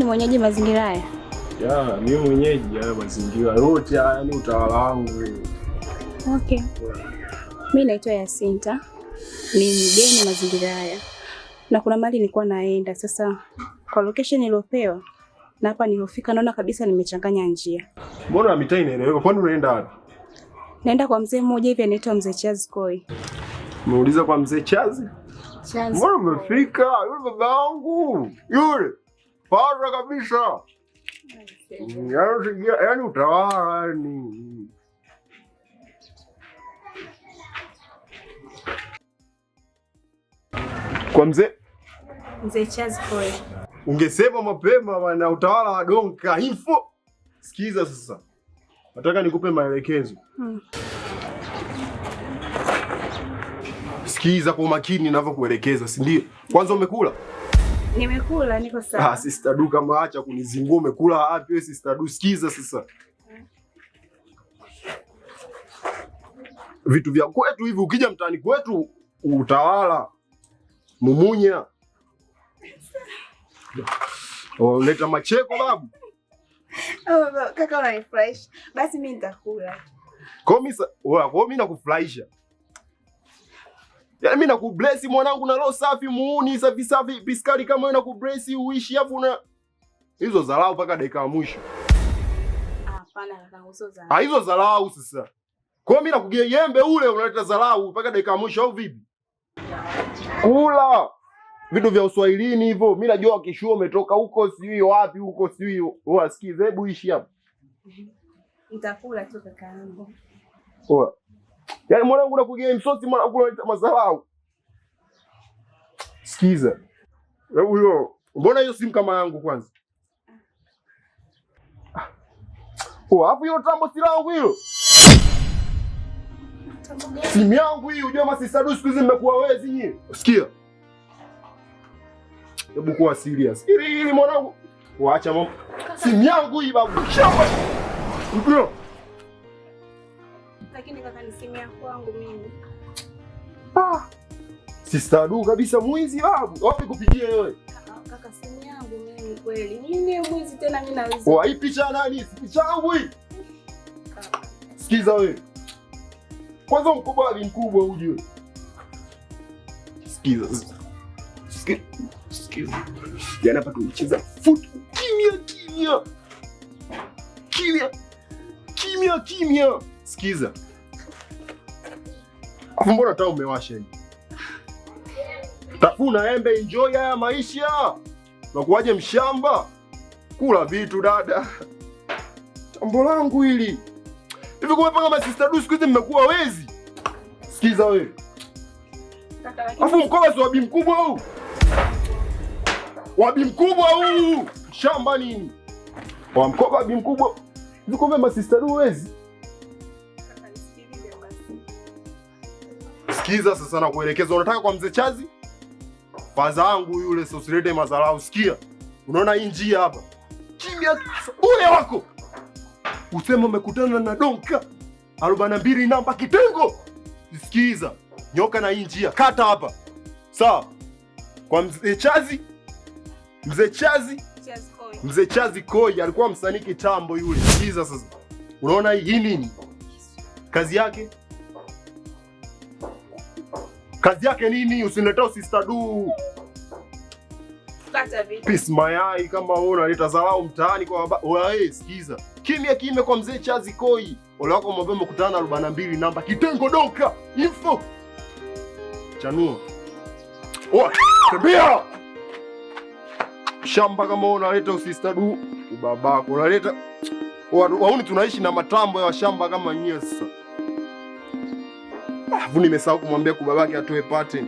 ni mwenyeji mazingira haya? Ya, mimi mwenyeji haya mazingira yote haya ni utawala wangu. Okay. Mi Mimi naitwa Yasinta. Ni mgeni mazingira haya. Na kuna mali nilikuwa naenda sasa kwa location niliopewa na hapa nilofika naona kabisa nimechanganya njia. Mbona mitaa inaeleweka? Kwani unaenda wapi? Naenda kwa mzee mmoja hivi anaitwa Mzee Chazi Koi. Umeuliza kwa Mzee Chazi? Chazi. Mbona umefika? Yule baba wangu. Yule. Pata kabisa yaani, yaani utawala yaani kwa mzee mzee Chazboy ungesema mapema bana, utawala wa donka hivyo. Sikiza sasa, nataka nikupe maelekezo hmm. Sikiza kwa umakini ninavyokuelekeza, si ndio? Kwanza umekula Nimekula, niko ah, sawa. Ah, sister Du kama acha kunizingua, umekula wapi wewe sister Du? Sikiza sasa. Vitu vya kwetu hivi ukija mtaani kwetu utawala mumunya. Oh, leta macheko babu. Oh, kaka unanifurahisha. Basi mimi nitakula. Kwa mimi nakufurahisha Yaani mimi nakubless mwanangu na roho safi muuni safi safi biskari kama wewe nakubless uishi afu na hizo dharau mpaka dakika ya mwisho. Hapana kaka, hizo dharau. Ah, hizo dharau sasa. Kwa mimi nakugia yembe ule unaleta dharau mpaka dakika ya mwisho au vipi? Kula vitu vya uswahilini hivyo. Mimi najua kishuo umetoka huko sijui wapi huko sijui wasikize hebu ishi hapo. Nitakula tu kaka yangu. Poa. Yaani mwanangu unakugia msosi mwanangu unaleta madharau. Sikiza. Eh, huyo, mbona hiyo simu kama yangu kwanza? Ah. Oh, hapo hiyo tambo si langu hiyo. Simu yangu hii unajua masisadu siku hizi mmekuwa wezi nyie. Sikia. Hebu kuwa serious. Hili hili mwanangu. Waacha mambo. Simu yangu hii babu. Bro lakini kaka kakanisemea kwangu mimi. Ah. Sista du kabisa mwizi babu. Wapi kupigia wewe? Kaka simu yangu mimi kweli. Nini mwizi tena mimi naweza. Oh, hii picha nani? Picha yangu hii. Sikiza wewe. Kwanza mkubwa ni mkubwa uje. Sikiza. Sikiza. Sikiza. Jana hapa tulicheza football kimya kimya. Kimya. Kimya kimya. Sikiza. Alafu mbona taa umewasha hivi? Tafuna embe, enjoy haya maisha. Unakuwaje mshamba? Kula vitu dada. Tambo langu hili. Hivi kumbe kama sister du siku hizi mmekuwa wezi. Sikiza we afu mkoba si wabi mkubwa huu. Wabi mkubwa huu. Shamba nini? Wa mkoba wabi mkubwa. Hivi kumbe masista du wezi. Sikiza sasa na kuelekeza, unataka kwa mzee Chazi faza wangu yule, sio usilete madharau. Sikia, unaona hii njia hapa, kimya ule wako usema umekutana na donka arobaini na mbili namba kitengo. Sikiza nyoka, na hii njia kata hapa, sawa? Kwa mzee Chazi, mzee Chazi, mzee Chazi Koi alikuwa msanii kitambo yule. Sikiza sasa, unaona hii nini kazi yake Kazi yake nini? Usiniletee sister du. Kata mayai kama wewe unaleta zawao mtaani kwa baba. Wewe sikiza. Kimya kimya kwa mzee Chazi Koi. Ole wako mwambie mkutana 42 namba kitengo doka. Info. Chanuo. Oa, tembea. Shamba kama wewe unaleta sister du. Babako unaleta. Wauni tunaishi na matambo ya shamba kama nyie sasa. Alafu nimesahau kumwambia kubabake atoe pate,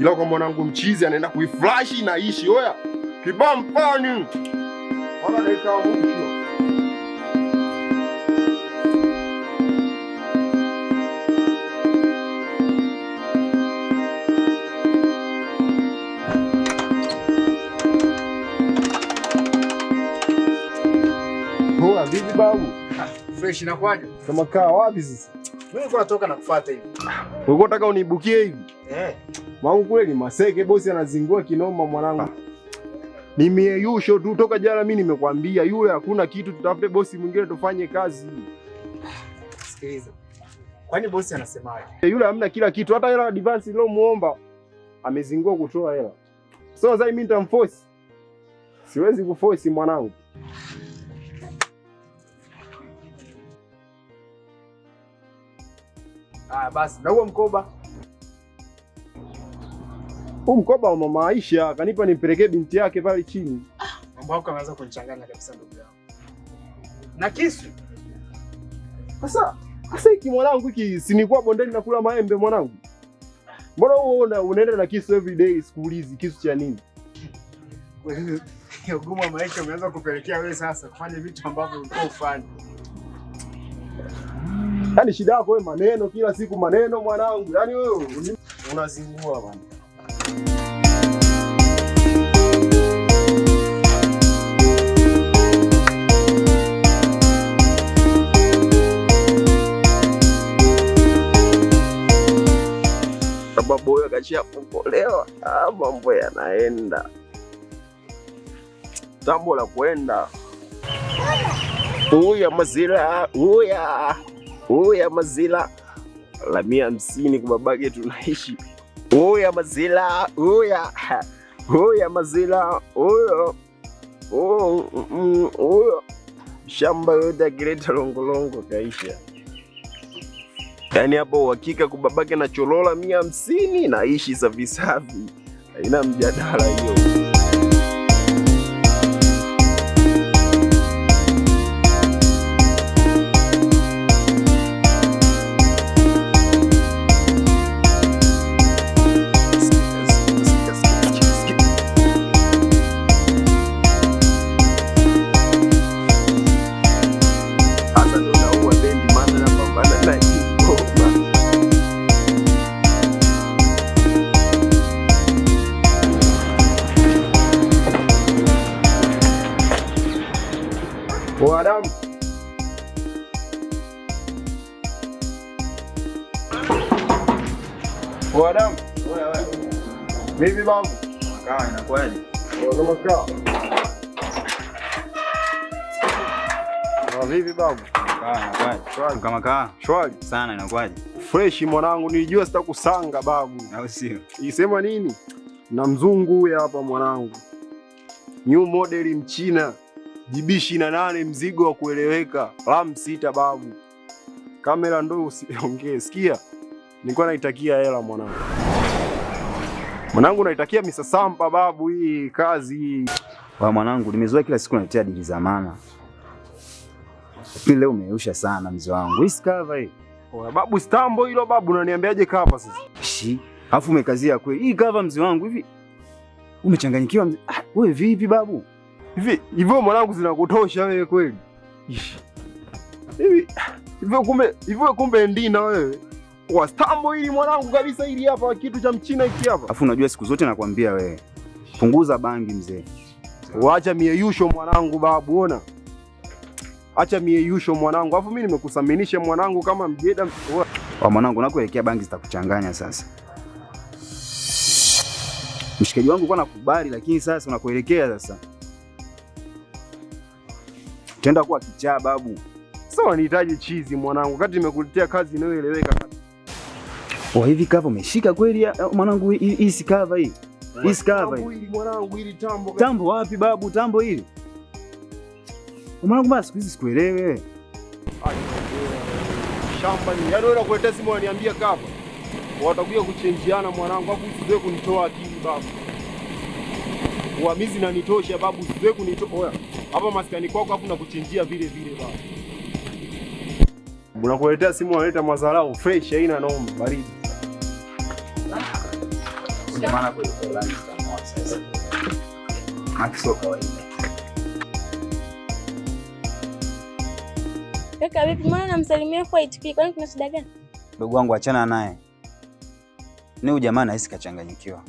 ila kwa mwanangu mchizi anaenda kuiflashi na ishi oya kibampani wala naikawa mwisho Vipi babu? Fresh inakwaje? Kama kaa wapi sasa? Mimi kwa natoka na hivi. Ulikuwa unataka unibukie hivi? Eh. Mwangu ni maseke bosi anazingua kinoma mwanangu. Ni mieyusho tu toka jana mimi nimekwambia yule hakuna kitu tutafute bosi mwingine tufanye kazi. Sikiliza. Kwani bosi anasemaje? Eh, yule hamna kila kitu hata hela advance leo muomba amezingua kutoa hela. So sasa mimi nitamforce. Siwezi kuforce mwanangu. Haya basi na huo mkoba huu mkoba wa mama Aisha akanipa nimpelekee binti yake pale chini. Mambo yako yanaanza kunichanganya kabisa ndugu yangu. Na kisu. Sasa, sasa hiki mwanangu hiki si nilikuwa bondeni na kula maembe mwanangu. Mbona wewe una, unaenda na kisu every day sikuulizi kisu cha nini? Ugumu wa maisha umeanza kupelekea wewe sasa kufanya vitu ambavyo ulikuwa ufanye. Yaani shida yako wewe maneno kila siku maneno mwanangu. Yaani wewe unazingua bwana. Sababu huyo akashapokolewa, ah, mambo yanaenda tambo la kwenda uya mazira uya Oya mazila la mia hamsini kwa babake tunaishi. Oya mazila oya oya mazila oya oh, shamba yote akileta longolongo kaisha. Yaani hapo uhakika kwa babake na cholola mia hamsini naishi safisafi safi, haina mjadala hiyo. binadamu. Wanadamu, vipi babu? Kaa, inakuwaje? Vipi babu? Kama kaa shwari sana, inakuwaje? Fresh mwanangu, nilijua sitakusanga babu, au sio? Isema nini na mzungu huyu hapa mwanangu, new model mchina GB ishirini na nane mzigo wa kueleweka, ram sita babu, kamera ndo usiongee. Sikia, nilikuwa naitakia hela mwanangu, mwanangu naitakia misasampa babu, hii kazi hii wa mwanangu, nimezoea kila siku naletea dili za maana, lakini leo umeusha sana mzee wangu. Hii sikava hii babu, stambo hilo babu, unaniambiaje kava sasa? Shi, Alafu umekazia kweli hii kava mzee wangu, hivi umechanganyikiwa mzee. Ah, wewe? Vipi babu? hivi hivyo mwanangu, zinakutosha wewe kweli? Hivi hivyo kumbe, hivyo kumbe ndina wewe wastambo hili mwanangu kabisa, hili hapa kitu cha mchina hiki hapa. Afu unajua siku zote nakwambia wewe, punguza bangi mzee, wacha mieyusho mwanangu, babu ona, acha mieyusho mwanangu. Alafu mimi nimekusaminisha mwanangu kama mjeda wa mwanangu, nakuelekea bangi zitakuchanganya sasa mshikaji wangu, kwa nakubali, lakini sasa unakuelekea sasa Utaenda kuwa kichaa babu. Sasa unanihitaji chizi mwanangu, kati nimekuletea kazi inayoeleweka kabisa. Wa hivi kava umeshika kweli eh, mwanangu, hii si kava hii. Hii si kava hii. Mwanangu hili tambo. Tambo wapi babu, tambo hili? Mwanangu basi hizi sikuelewe. Shamba ni. Yaani wewe unakuletea simu unaniambia kava. Watakuja kuchenjiana mwanangu, hapo usiwe kunitoa akili babu. Uhamizi na nitosha babu, siwe kunito. Oya. Hapa maskani kwako hapo na kuchinjia vile vile babu. Unakuletea simu unaleta madharau fresh haina noma baridi. Ndio maana kwa hiyo sasa. Hakiso kawaida. Kaka vipi, mbona namsalimia kwa ITP? Kwani kuna shida gani? Ndugu wangu achana naye. Ni ujamaa nahisi kachanganyikiwa.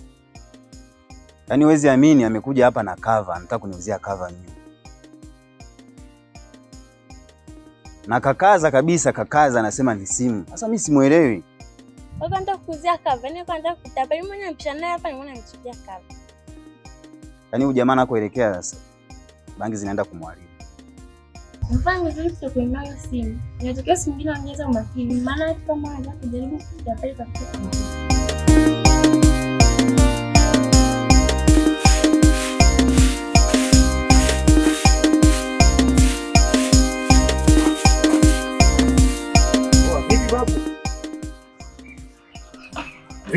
Yaani huwezi amini amekuja hapa na cover, anataka kuniuzia cover mimi. Na kakaza kabisa, kakaza anasema ni simu. Sasa mimi simuelewi. Wewe unataka kuuzia cover, ni kwanza kutapa. Mimi mwenyewe mshana hapa ni mwana mchujia cover. Yaani huyu jamaa anakoelekea sasa. Bangi zinaenda kumwaribu. Mfano vizuri tukuinao simu. Inatokea simu nyingine ongeza umakini. Maana kama anataka kujaribu kutapeli tafuta.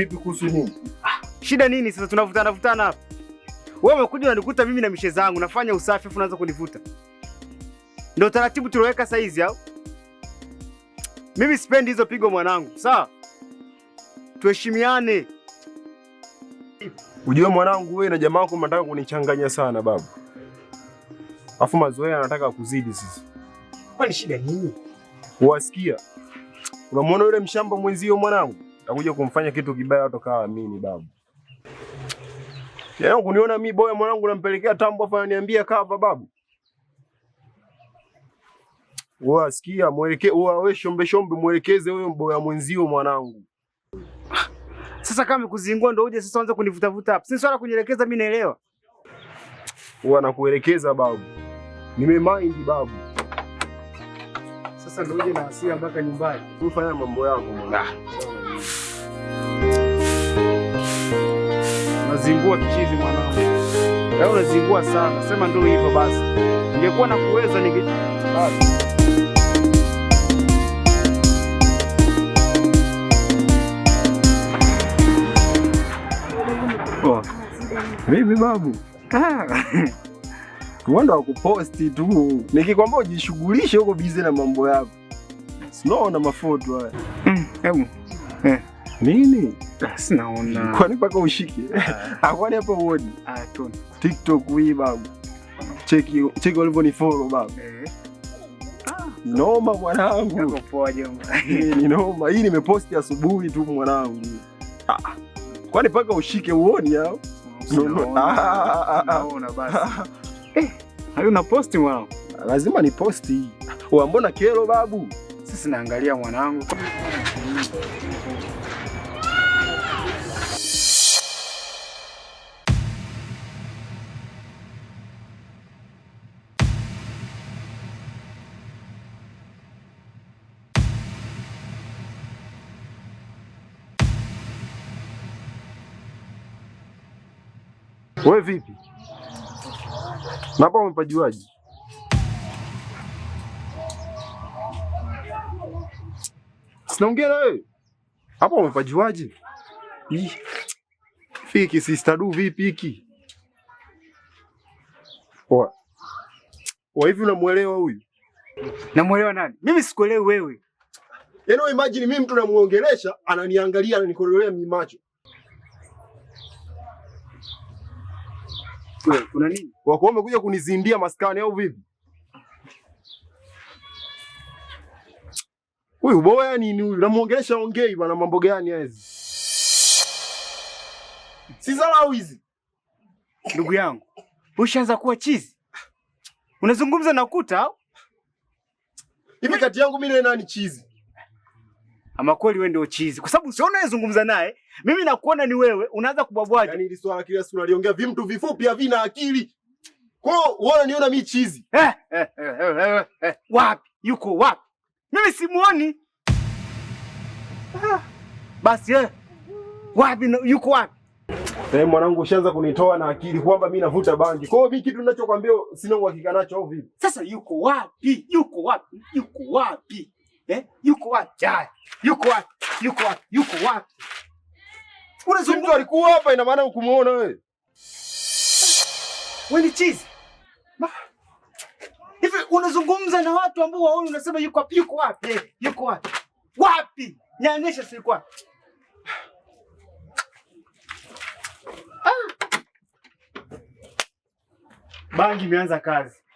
Vipi kuhusu nini? Ah, shida nini sasa tunavutana vutana hapa? Wewe umekuja unanikuta mimi na mishe zangu nafanya usafi afu unaanza kunivuta. Ndio taratibu tuliweka saa hizi au? Mimi sipendi hizo pigo mwanangu, sawa? Tuheshimiane. Ujue mwanangu, wewe na jamaa wako mnataka kunichanganya sana babu. Afu mazoea anataka kuzidi sisi. Kwani shida nini? Wasikia? Unamwona yule mshamba mwenzio mwanangu? takuja kumfanya kitu kibaya, watu kawa kawaamini babu. Yaani kuniona mi boya mwanangu nampelekea tambo afa niambia kava babu. Wewe sikia mwelekee, wewe shombe shombe mwelekeze huyo boya mwenzio mwanangu. Sasa kama kuzingua ndo uje sasa uanze kunivuta vuta hapa. Si swala kunielekeza mimi naelewa. Wewe anakuelekeza babu. Nimemind babu. Sasa ndo uje na hasira mpaka nyumbani. Ufanye mambo yako mwanangu. Ah. Unazingua kichizi mwanangu, leo unazingua sana. Sema ndio hivyo basi, ningekuwa na kuweza ninge basi. mimi oh. babu ah. Wanda wa kuposti tu, nikikwambia ujishughulishe huko bize na mambo yako, sinaona mafoto haya. Mm, hebu eh. Nini? Basi naona. Kwani mpaka ushike. Hakwani ah. hapa uone. Ah, tuna. TikTok hii babu. Cheki cheki walivyonifollow babu. Eh. Ah, noma mwanangu. Niko poa jomba. Ni noma. Hii nimeposti asubuhi tu mwanangu. Ah. Kwani mpaka ushike uone hao. Ah, ah, naona basi. Eh, hayo na posti mwanangu. Lazima ni posti. Wa mbona kero babu? Sisi naangalia mwanangu. We vipi? Na hapa umepajuaje? Sinaongea na wewe. Hapo umepajuaje? Fiki sister du vipi hiki? Poa. Poa, hivi unamuelewa huyu? Namuelewa nani? Mimi sikuelewi wewe. Yaani imagine mimi mtu namuongelesha, ananiangalia ananikorolea mimacho. Kuna nini? Wako wamekuja kunizindia maskani au vipi? Huyu boya nini huyu? Namuongelesha ongei bana, mambo gani haya hizi? Si dharau hizi. Ndugu yangu, ushaanza kuwa chizi. Unazungumza na kuta au? Hivi kati yangu mimi nani chizi? Ama kweli wewe ndio chizi. Kwa sababu sio unayezungumza naye, mimi nakuona ni wewe, unaanza kubwabwaje? Yaani hili swala kila siku naliongea vitu vifupi havina akili. Kwa hiyo wewe unaniona mimi chizi. Eh, eh, eh, eh, eh. eh, eh. Wapi? Yuko wapi? Mimi simuoni. Ah. Basi eh. Wapi yuko wapi? Eh, mwanangu ushaanza kunitoa na akili kwamba mimi navuta bangi. Kwa hiyo mimi kitu ninachokwambia sina uhakika nacho au vipi? Sasa yuko wapi? Yuko wapi? Yuko wapi? eh? Yuko wapi? Yuko wapi? Yuko wapi? Yuko wapi? Ule si mtu alikuwa hapa, ina maana ukumuona wewe. Wewe ni chizi. Hivi unazungumza na watu ambao waoni unasema yuko wapi? Yuko wapi? Eh, yuko wapi? Wapi? Nianisha si ah. Bangi imeanza kazi.